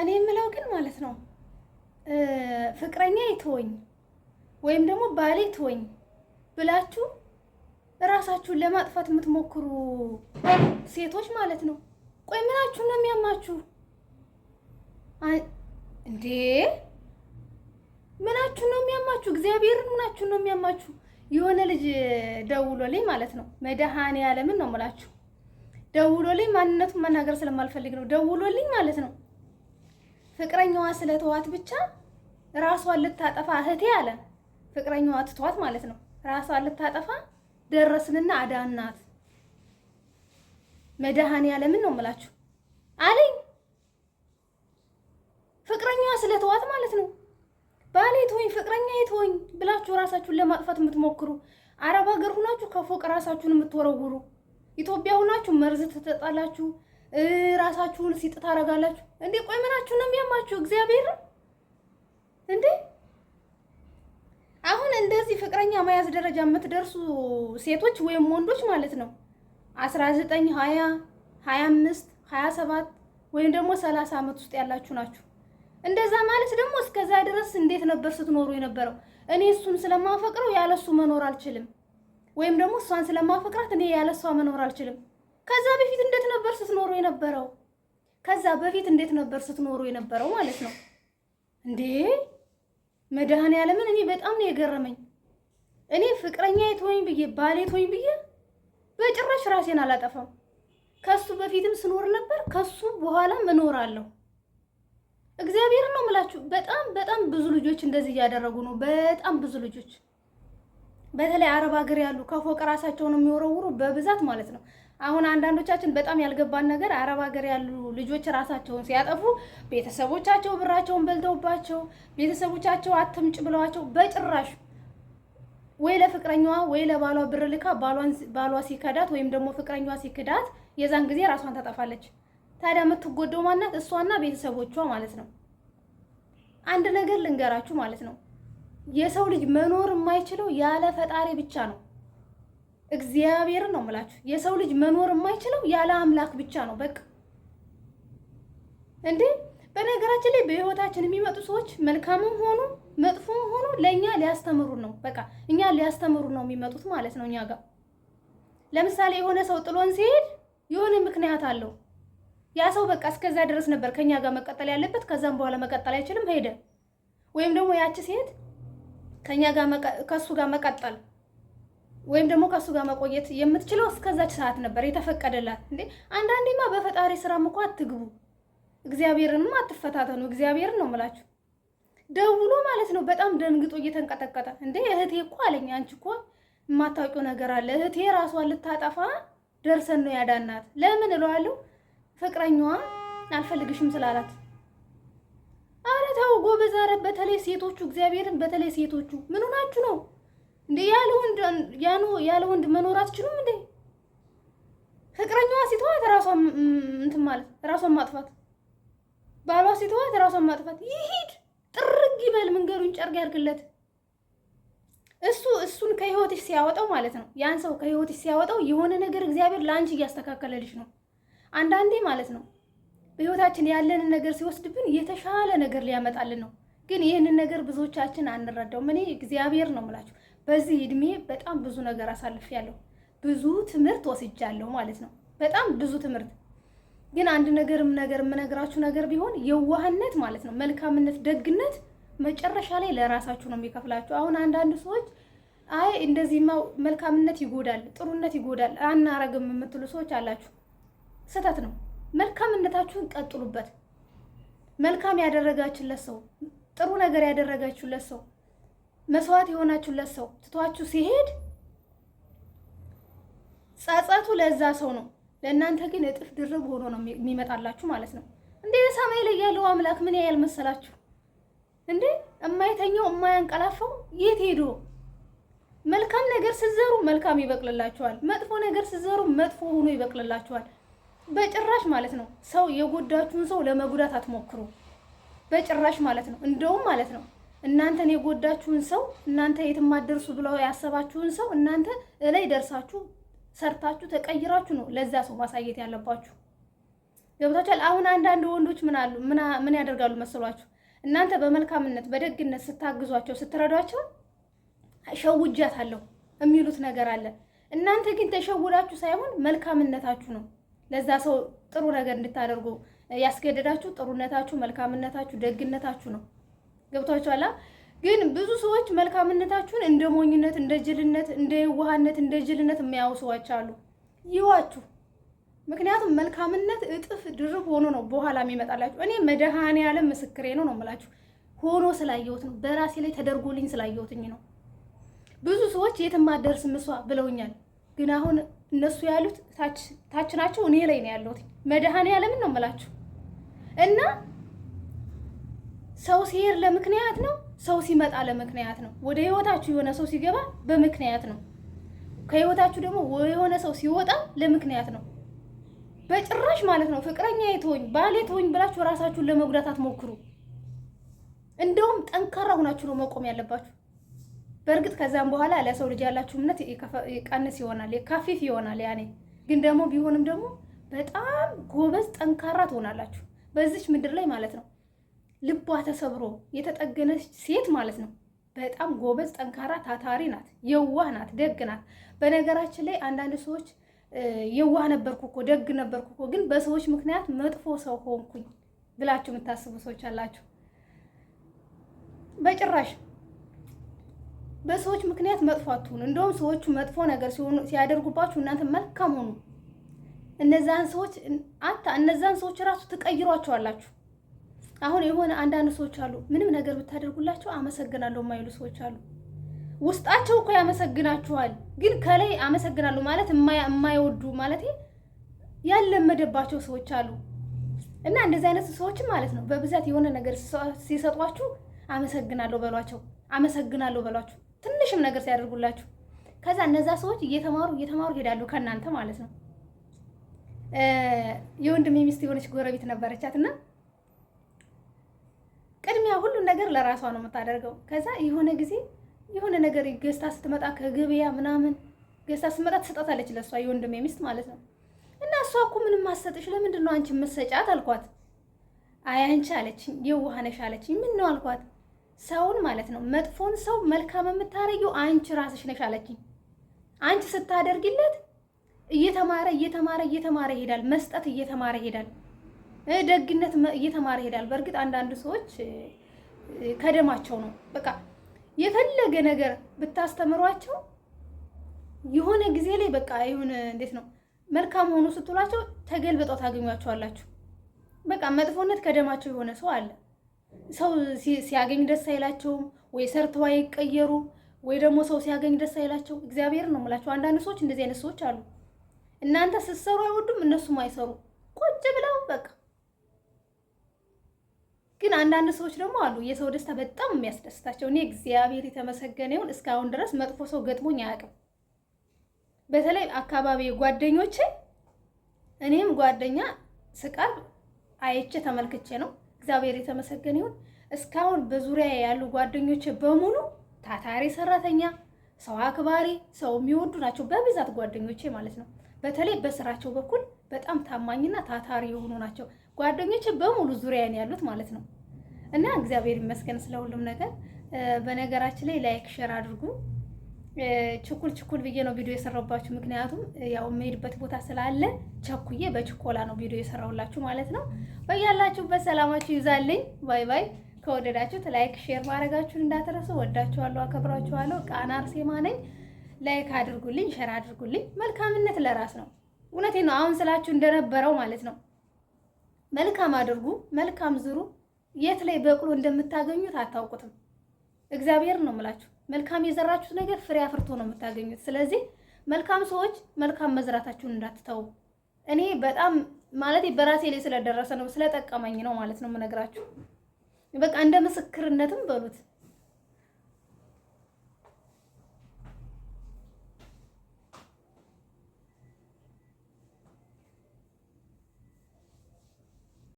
እኔ የምለው ግን ማለት ነው ፍቅረኛ ይተወኝ ወይም ደግሞ ባሌ ይተወኝ ብላችሁ እራሳችሁን ለማጥፋት የምትሞክሩ ሴቶች ማለት ነው። ቆይ ምናችሁ ነው የሚያማችሁ እንዴ? ምናችሁ ነው የሚያማችሁ? እግዚአብሔርን ምናችሁ ነው የሚያማችሁ? የሆነ ልጅ ደውሎልኝ ማለት ነው መድኃኔ ዓለምን ነው የምላችሁ። ደውሎልኝ ማንነቱን መናገር ስለማልፈልግ ነው ደውሎልኝ ማለት ነው ፍቅረኛዋ ስለተዋት ብቻ ራሷን ልታጠፋ እህቴ አለ ፍቅረኛዋ ትቷት ማለት ነው። ራሷን ልታጠፋ ደረስንና አዳናት። መድኃኔዓለምን ነው የምላችሁ አለኝ። ፍቅረኛዋ ስለተዋት ማለት ነው። ባሌ ትሆኝ ፍቅረኛ የትሆኝ ብላችሁ ራሳችሁን ለማጥፋት የምትሞክሩ አረብ ሀገር ሁናችሁ ከፎቅ ራሳችሁን የምትወረውሩ ኢትዮጵያ ሁናችሁ መርዝ ትጠጣላችሁ? ራሳችሁን ሲጥ ታደርጋላችሁ እንዴ? ቆይ ምናችሁ ነው የሚያማችሁ? እግዚአብሔር እንዴ! አሁን እንደዚህ ፍቅረኛ መያዝ ደረጃ የምትደርሱ ሴቶች ወይም ወንዶች ማለት ነው 19 20 25 27 ወይም ደግሞ 30 ዓመት ውስጥ ያላችሁ ናችሁ። እንደዛ ማለት ደግሞ እስከዛ ድረስ እንዴት ነበር ስትኖሩ የነበረው? እኔ እሱን ስለማፈቅረው ያለሱ መኖር አልችልም፣ ወይም ደግሞ እሷን ስለማፈቅራት እኔ ያለሷ መኖር አልችልም ከዛ በፊት እንዴት ነበር ስትኖሩ የነበረው? ከዛ በፊት እንዴት ነበር ስትኖሩ የነበረው ማለት ነው እንዴ! ያለምን እኔ በጣም ነው የገረመኝ። እኔ ፍቅረኛ የትሆኝ ብዬ ባሌ የትሆኝ ብዬ በጭራሽ ራሴን አላጠፋም። ከሱ በፊትም ስኖር ነበር፣ ከሱ በኋላም እኖራለሁ። እግዚአብሔር ነው የምላችሁ። በጣም በጣም ብዙ ልጆች እንደዚህ እያደረጉ ነው። በጣም ብዙ ልጆች በተለይ አረብ ሀገር ያሉ ከፎቅ ራሳቸውን የሚወረውሩ በብዛት ማለት ነው። አሁን አንዳንዶቻችን በጣም ያልገባን ነገር አረብ ሀገር ያሉ ልጆች ራሳቸውን ሲያጠፉ ቤተሰቦቻቸው ብራቸውን በልተውባቸው ቤተሰቦቻቸው አትምጭ ብለዋቸው በጭራሽ ወይ ለፍቅረኛዋ ወይ ለባሏ ብር ልካ ባሏ ሲከዳት ወይም ደግሞ ፍቅረኛዋ ሲክዳት የዛን ጊዜ ራሷን ታጠፋለች። ታዲያ የምትጎደው ማናት? እሷና ቤተሰቦቿ ማለት ነው። አንድ ነገር ልንገራችሁ ማለት ነው የሰው ልጅ መኖር የማይችለው ያለ ፈጣሪ ብቻ ነው። እግዚአብሔርን ነው የምላችሁ። የሰው ልጅ መኖር የማይችለው ያለ አምላክ ብቻ ነው። በቃ እንዴ! በነገራችን ላይ በህይወታችን የሚመጡ ሰዎች መልካምም ሆኑ መጥፎም ሆኑ ለእኛ ሊያስተምሩ ነው። በቃ እኛ ሊያስተምሩ ነው የሚመጡት ማለት ነው እኛ ጋር። ለምሳሌ የሆነ ሰው ጥሎን ሲሄድ የሆነ ምክንያት አለው። ያ ሰው በቃ እስከዛ ድረስ ነበር ከኛ ጋር መቀጠል ያለበት። ከዛም በኋላ መቀጠል አይችልም ሄደ። ወይም ደግሞ ያቺ ሴት ከኛ ጋር ከእሱ ጋር መቀጠል ወይም ደግሞ ከእሱ ጋር መቆየት የምትችለው እስከዛች ሰዓት ነበር የተፈቀደላት። እንዴ አንዳንዴማ በፈጣሪ ስራም እኮ አትግቡ፣ እግዚአብሔርንም አትፈታተኑ። እግዚአብሔርን ነው የምላችሁ። ደውሎ ማለት ነው በጣም ደንግጦ እየተንቀጠቀጠ እንዴ እህቴ እኮ አለኝ፣ አንቺ እኮ የማታውቂው ነገር አለ። እህቴ ራሷን ልታጠፋ ደርሰን ነው ያዳናት። ለምን እለዋለሁ ፍቅረኛዋ አልፈልግሽም ስላላት። አረ ተው ጎበዝ፣ በተለይ ሴቶቹ እግዚአብሔርን፣ በተለይ ሴቶቹ ምን ሆናችሁ ነው? እንደ ያለ ወንድ ያኑ ያለ ወንድ መኖር አትችሉም እንዴ? ፍቅረኛዋ ሲተዋት ራሷን እንትን ማለት ራሷን ማጥፋት፣ ባሏ ሲተዋት ራሷን ማጥፋት። ይሂድ ጥርግ ይበል መንገዱን ጨርግ ያድርግለት። እሱ እሱን ከህይወትሽ ሲያወጣው ማለት ነው ያን ሰው ከህይወትሽ ሲያወጣው የሆነ ነገር እግዚአብሔር ለአንቺ እያስተካከለልሽ ነው። አንዳንዴ ማለት ነው በህይወታችን ያለንን ነገር ሲወስድብን የተሻለ ነገር ሊያመጣልን ነው። ግን ይህንን ነገር ብዙዎቻችን አንረዳውም። እኔ እግዚአብሔር ነው የምላችሁ በዚህ እድሜ በጣም ብዙ ነገር ያለው ብዙ ትምህርት ወስጃለሁ ማለት ነው። በጣም ብዙ ትምህርት ግን አንድ ነገርም ነገር የምነግራችሁ ነገር ቢሆን የዋህነት ማለት ነው፣ መልካምነት፣ ደግነት መጨረሻ ላይ ለራሳችሁ ነው የሚከፍላችሁ። አሁን አንዳንድ ሰዎች አይ እንደዚህማ መልካምነት ይጎዳል፣ ጥሩነት ይጎዳል፣ አናረግም የምትሉ ሰዎች አላችሁ። ስህተት ነው። መልካምነታችሁን ቀጥሉበት። መልካም ያደረጋችለት ሰው ጥሩ ነገር ያደረጋችሁለት ሰው መስዋዕት የሆናችሁለት ሰው ትቷችሁ ሲሄድ ጸጸቱ ለዛ ሰው ነው። ለእናንተ ግን እጥፍ ድርብ ሆኖ ነው የሚመጣላችሁ ማለት ነው። እንዴ ሰማይ ላይ ያለው አምላክ ምን ያህል መሰላችሁ? እንዴ የማይተኛው የማያንቀላፈው የት ሄዶ? መልካም ነገር ስዘሩ መልካም ይበቅልላችኋል፣ መጥፎ ነገር ስዘሩ መጥፎ ሆኖ ይበቅልላችኋል። በጭራሽ ማለት ነው ሰው የጎዳችሁን ሰው ለመጉዳት አትሞክሩ፣ በጭራሽ ማለት ነው። እንደውም ማለት ነው እናንተን የጎዳችሁን ሰው እናንተ የትማደርሱ ብለው ያሰባችሁን ሰው እናንተ እላይ ደርሳችሁ ሰርታችሁ ተቀይራችሁ ነው ለዛ ሰው ማሳየት ያለባችሁ። ገብታችኋል። አሁን አንዳንድ ወንዶች ምን አሉ ምን ያደርጋሉ መሰሏችሁ? እናንተ በመልካምነት በደግነት ስታግዟቸው ስትረዷቸው አለው የሚሉት ነገር አለ። እናንተ ግን ተሸውዳችሁ ሳይሆን መልካምነታችሁ ነው ለዛ ሰው ጥሩ ነገር እንድታደርጉ ያስገደዳችሁ። ጥሩነታችሁ፣ መልካምነታችሁ፣ ደግነታችሁ ነው። ገብቷችኋላ? ግን ብዙ ሰዎች መልካምነታችሁን እንደ ሞኝነት፣ እንደ ጅልነት፣ እንደ የዋህነት፣ እንደ ጅልነት የሚያዩ ሰዎች አሉ። ይዋችሁ። ምክንያቱም መልካምነት እጥፍ ድርብ ሆኖ ነው በኋላ የሚመጣላችሁ። እኔ መድኃኔዓለም ምስክሬ ነው ነው የምላችሁ ሆኖ ስላየሁት ነው። በራሴ ላይ ተደርጎልኝ ስላየሁትኝ ነው። ብዙ ሰዎች የትም አደርስ ብለውኛል። ግን አሁን እነሱ ያሉት ታች ናቸው፣ እኔ ላይ ነው ያለሁት። መድኃኔዓለምን ነው የምላችሁ እና ሰው ሲሄድ ለምክንያት ነው። ሰው ሲመጣ ለምክንያት ነው። ወደ ህይወታችሁ የሆነ ሰው ሲገባ በምክንያት ነው። ከህይወታችሁ ደግሞ የሆነ ሰው ሲወጣ ለምክንያት ነው። በጭራሽ ማለት ነው ፍቅረኛ የተወኝ ባሌ ተወኝ ብላችሁ ራሳችሁን ለመጉዳት አትሞክሩ። እንደውም ጠንካራ ሁናችሁ ነው መቆም ያለባችሁ። በእርግጥ ከዛም በኋላ ለሰው ልጅ ያላችሁ እምነት ቀንስ ይሆናል፣ ካፊፍ ይሆናል። ያኔ ግን ደግሞ ቢሆንም ደግሞ በጣም ጎበዝ ጠንካራ ትሆናላችሁ በዚች ምድር ላይ ማለት ነው። ልቧ ተሰብሮ የተጠገነች ሴት ማለት ነው። በጣም ጎበዝ፣ ጠንካራ፣ ታታሪ ናት። የዋህ ናት፣ ደግ ናት። በነገራችን ላይ አንዳንድ ሰዎች የዋህ ነበርኩ እኮ ደግ ነበርኩ እኮ ግን በሰዎች ምክንያት መጥፎ ሰው ሆንኩኝ ብላችሁ የምታስቡ ሰዎች አላችሁ። በጭራሽ በሰዎች ምክንያት መጥፎ አትሆኑ። እንደውም ሰዎቹ መጥፎ ነገር ሲሆኑ ሲያደርጉባችሁ እናንተ መልካም ሆኑ። እነዛን ሰዎች አንተ እነዛን ሰዎች ራሱ ትቀይሯቸዋላችሁ። አሁን የሆነ አንዳንድ ሰዎች አሉ፣ ምንም ነገር ብታደርጉላቸው አመሰግናለሁ የማይሉ ሰዎች አሉ። ውስጣቸው እኮ ያመሰግናችኋል፣ ግን ከላይ አመሰግናለሁ ማለት የማይወዱ ማለት ያለመደባቸው ሰዎች አሉ። እና እንደዚህ አይነት ሰዎችም ማለት ነው በብዛት የሆነ ነገር ሲሰጧችሁ አመሰግናለሁ በሏቸው፣ አመሰግናለሁ በሏችሁ፣ ትንሽም ነገር ሲያደርጉላችሁ ከዛ እነዛ ሰዎች እየተማሩ እየተማሩ ይሄዳሉ ከእናንተ ማለት ነው። የወንድሜ ሚስት የሆነች ጎረቤት ነበረቻት እና ቅድሚያ ሁሉን ነገር ለራሷ ነው የምታደርገው። ከዛ የሆነ ጊዜ የሆነ ነገር ገዝታ ስትመጣ ከገበያ ምናምን ገዝታ ስትመጣ ትሰጣታለች፣ ለእሷ የወንድሜ ሚስት ማለት ነው። እና እሷ እኮ ምንም ማሰጥሽ ለምንድን ነው አንቺ መሰጫት አልኳት። አይ አንቺ አለችኝ የዋህ አለችኝ። ምን ነው አልኳት። ሰውን ማለት ነው መጥፎን ሰው መልካም የምታረጊው አንቺ ራስሽ ነሽ አለችኝ። አንቺ ስታደርጊለት እየተማረ እየተማረ እየተማረ ይሄዳል። መስጠት እየተማረ ይሄዳል። ደግነት እየተማረ ይሄዳል። በእርግጥ አንዳንድ ሰዎች ከደማቸው ነው። በቃ የፈለገ ነገር ብታስተምሯቸው የሆነ ጊዜ ላይ በቃ ይሁን እንዴት ነው መልካም ሆኑ ስትሏቸው ተገልብጠው ታገኟቸዋላችሁ። በቃ መጥፎነት ከደማቸው የሆነ ሰው አለ። ሰው ሲያገኝ ደስ አይላቸውም፣ ወይ ሰርተው አይቀየሩ፣ ወይ ደግሞ ሰው ሲያገኝ ደስ አይላቸው። እግዚአብሔር ነው የምላቸው። አንዳንድ ሰዎች እንደዚህ አይነት ሰዎች አሉ። እናንተ ስትሰሩ አይወዱም፣ እነሱም አይሰሩ ቁጭ ብለው በቃ አንዳንድ ሰዎች ደግሞ አሉ የሰው ደስታ በጣም የሚያስደስታቸው። እኔ እግዚአብሔር የተመሰገነ እስካሁን ድረስ መጥፎ ሰው ገጥሞኝ አያውቅም። በተለይ አካባቢ ጓደኞቼ፣ እኔም ጓደኛ ስቀርብ አይቼ ተመልክቼ ነው። እግዚአብሔር የተመሰገነ ይሁን እስካሁን በዙሪያ ያሉ ጓደኞች በሙሉ ታታሪ ሰራተኛ፣ ሰው አክባሪ፣ ሰው የሚወዱ ናቸው። በብዛት ጓደኞቼ ማለት ነው። በተለይ በስራቸው በኩል በጣም ታማኝና ታታሪ የሆኑ ናቸው ጓደኞቼ በሙሉ ዙሪያን ያሉት ማለት ነው። እና እግዚአብሔር ይመስገን ስለ ሁሉም ነገር። በነገራችን ላይ ላይክ ሼር አድርጉ። ችኩል ችኩል ብዬ ነው ቪዲዮ የሰራሁባችሁ፣ ምክንያቱም ያው የምሄድበት ቦታ ስላለ ቸኩዬ በችኮላ ነው ቪዲዮ የሰራሁላችሁ ማለት ነው። በያላችሁበት ሰላማችሁ ይዛልኝ። ባይ ባይ። ከወደዳችሁት ላይክ ሼር ማድረጋችሁን እንዳትረሱ። ወዳችኋለሁ፣ አከብራችኋለሁ። ቃና አርሴማ ነኝ። ላይክ አድርጉልኝ፣ ሸር አድርጉልኝ። መልካምነት ለራስ ነው። እውነቴ ነው። አሁን ስላችሁ እንደነበረው ማለት ነው። መልካም አድርጉ፣ መልካም ዝሩ። የት ላይ በቅሎ እንደምታገኙት አታውቁትም። እግዚአብሔር ነው የምላችሁ። መልካም የዘራችሁት ነገር ፍሬ አፍርቶ ነው የምታገኙት። ስለዚህ መልካም ሰዎች መልካም መዝራታችሁን እንዳትተው። እኔ በጣም ማለት በራሴ ላይ ስለደረሰ ነው ስለጠቀመኝ ነው ማለት ነው የምነግራችሁ። በቃ እንደ ምስክርነትም በሉት